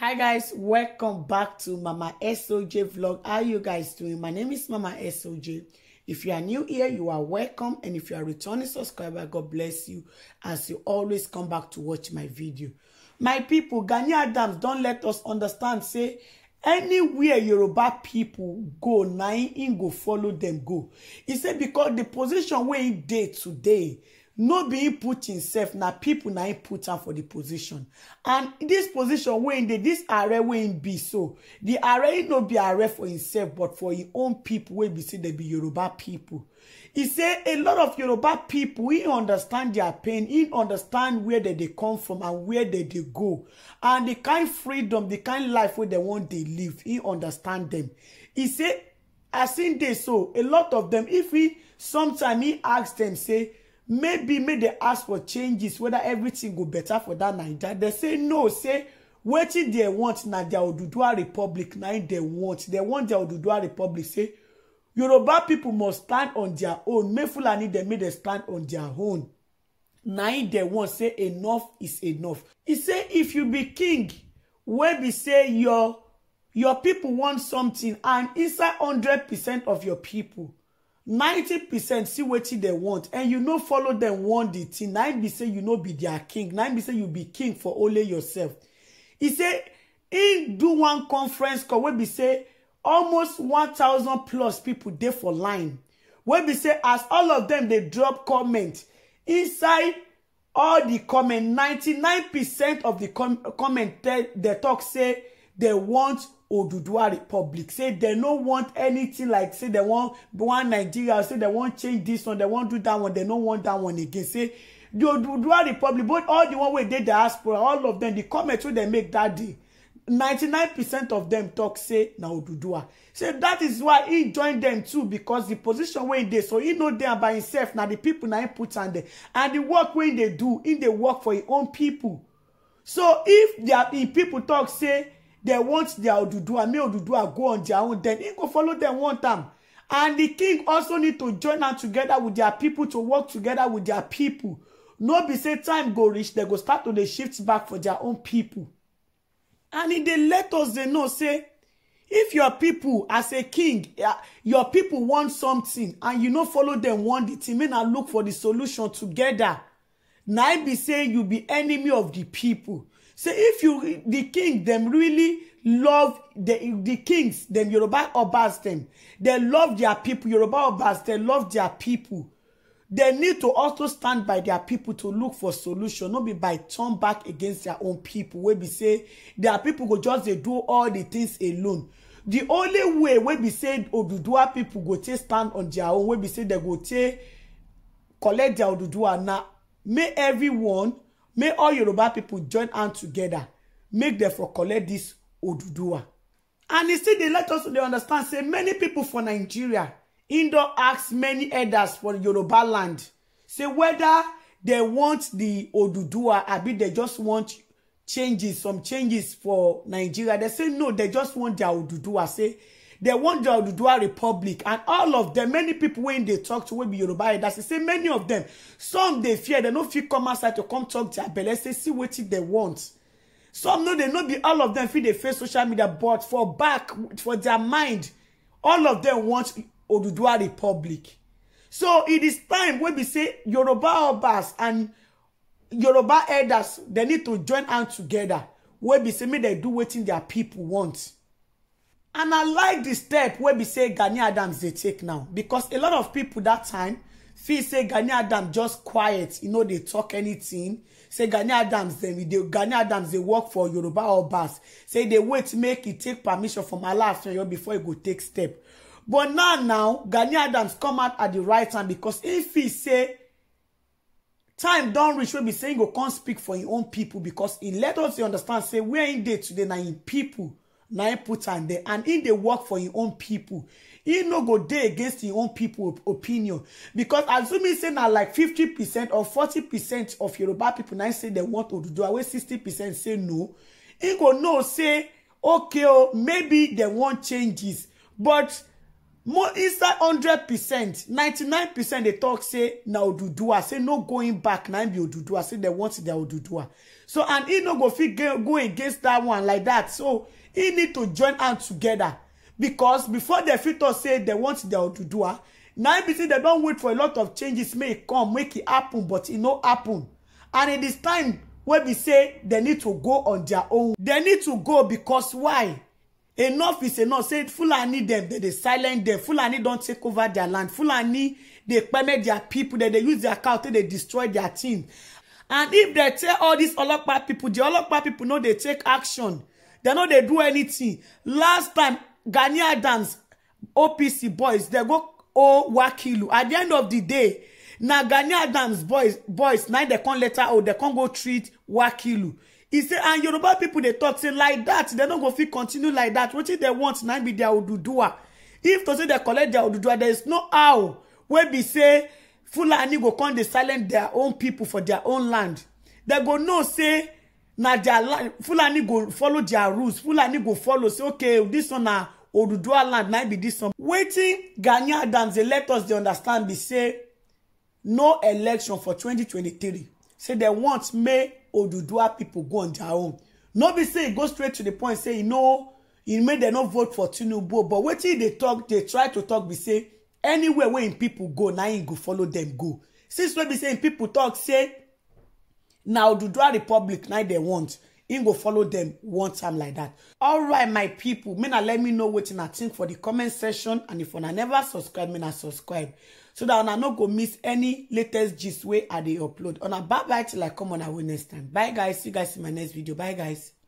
hi guys welcome back to mama soj vlog how you guys doing my name is mama soj if you are new here you are welcome and if you are returning subscriber god bless you as you always come back to watch my video my people Gani Adams don't let us understand say anywhere yoruba people go na im go follow them go e said because the position wey im dey today no being put himself na people na him put am for the position and this position wey dey this array wey him be so di array no be array for himself but for him own people. wey be say dem be yoruba people, he say a lot of yoruba people e understand their pain e understand where dem dey come from and where dem dey go and the kind freedom the kind life wey dem wan dey live e understand dem He say as him dey so a lot of dem if he sometimes he ask dem say maybe may they ask for changes whether everything go better for that Niger? They say no say wetin they want na dia oduduwa republic na they want They want dia oduduwa republic say yoruba people must stand on their own make fulani dem make dem stand on their own na they want say enough is enough He say if you be king where be say your your people want something and inside 100 percent of your people. 90 percent see what they want and you know follow them. want the thing? Nine be say you know be their king Nine be say you be king for only yourself He say he do one conference call wey be say almost 1000 plus people there for line wey be say as all of them they drop comment inside all the comment 99 percent of di comment they talk say they want Oduduwa Republic. Say they don't want anything like say they want one Nigeria, say they want change this one, they want do that one, they don't want that one again. Say the Oduduwa Republic, but all the one wey dey diaspora, all of them, the comments wey they make that day. 99% of them talk say now Oduduwa. So that is why he joined them too because the position wey dey so he know them by himself Now the people now he puts on there and the work where they do he dey work for his own people. So if their people talk say they want their Odudua, make Odudua go on their own, then he go follow them one time. And the king also need to join am together with their people to work together with their people. No be say time go reach, they go start to dey shift back for their own people. And if they let us they know, say, if your people as a king, uh, your people want something and you no follow them want the thing, make na look for the solution together. Na be say you be enemy of the people say if you the king dem really love the the kings dem yoruba obas dem dem love their people yoruba obas dem love their people dem need to also stand by their people to look for solution no be by turn back against their own people wey be say their people go just dey do all the things alone the only way wey be say oduduwa people go take stand on their own wey be say dem go take collect their oduduwa na make everyone May all Yoruba people join hand together. Make them for collect this Oduduwa. And instead, they let us they understand, say, many people for Nigeria, Indo asks many elders for Yoruba land, say whether they want the Oduduwa, I mean, they just want changes, some changes for Nigeria. They say, no, they just want their Oduduwa. Say, they want the Oduduwa Republic and all of them many people when they talk to wey be Yoruba elders say many of them some they fear they no fit come outside to come talk their belle say see wetin they want some no they no be all of them fit they face social media but for back for their mind all of them want Oduduwa Republic so it is time when we say Yoruba elders and Yoruba elders they need to join hands together wey be say me they do what wetin their people want and i like the step where we say gani adams they take now because a lot of people that time feel say gani adams just quiet you know, they talk anything. say gani adams then Gani Adam's they work for yoruba or obas say they dey wait make e take permission from Allah oyo before he go take step but now now gani adams come out at the right time because if he say time don't reach wey be say he go come speak for his own people because he let us understand say where in dey today na im pipo na him e put am there and him dey work for him own people. he no go dey against him own people opinion because assuming say na like fifty percent or forty percent of yoruba people na e say dem want oduduwa away sixty percent say no he go know say okay o maybe dem want changes but more inside hundred percent ninety nine percent dey talk say na oduduwa say no going back na e be oduduwa say dem want their oduduwa so and he no go fit go against that one like that so he need to join hands together because before dem fit talk say they want their Odudua na im be say dem don wait for a lot of changes may come make e happen but e no happen and it is time wey be say they need to go on their own They need to go because why enough is enough say fulani dem dey dey silent dem fulani don take over their land fulani dey permit their people dem dey use their cow take dey destroy their things and if dem tell all these olopa people the olopa people no dey take action They no they do anything. last time ghanaian dance opc boys they go o wakilu at the end of the day na ghanaian dance boys boys na dem come later oh they come go treat wakilu He say and yoruba people they talk say like that. They no go fit continue like dat wetin they want now be dia oduduwa if to say they collect their oduduwa there is no how wey be say fulani go come they silence their own people for their own land They go no say na their fulani go follow their rules fulani go follow say okay This one na oduduwa land na e be this one wetin ghanaian adams dey let us dey understand be say no election for 2023 say dem want make oduduwa people go on their own no be say e go straight to the point say e no make dem no vote for tinubu but wetin e dey talk dey try to talk be say anywhere wey im pipo go na im go follow dem go since wey be say im pipo tok say na oduduwa republic na dem want im go follow dem one time like dat alright my pipo make na let me know wetin i think for di comment section and if una never subscribe make na subscribe so dat una no go miss any latest gist wey i dey upload una bye bye till i come on our next time bye guys see you guys in my next video bye guys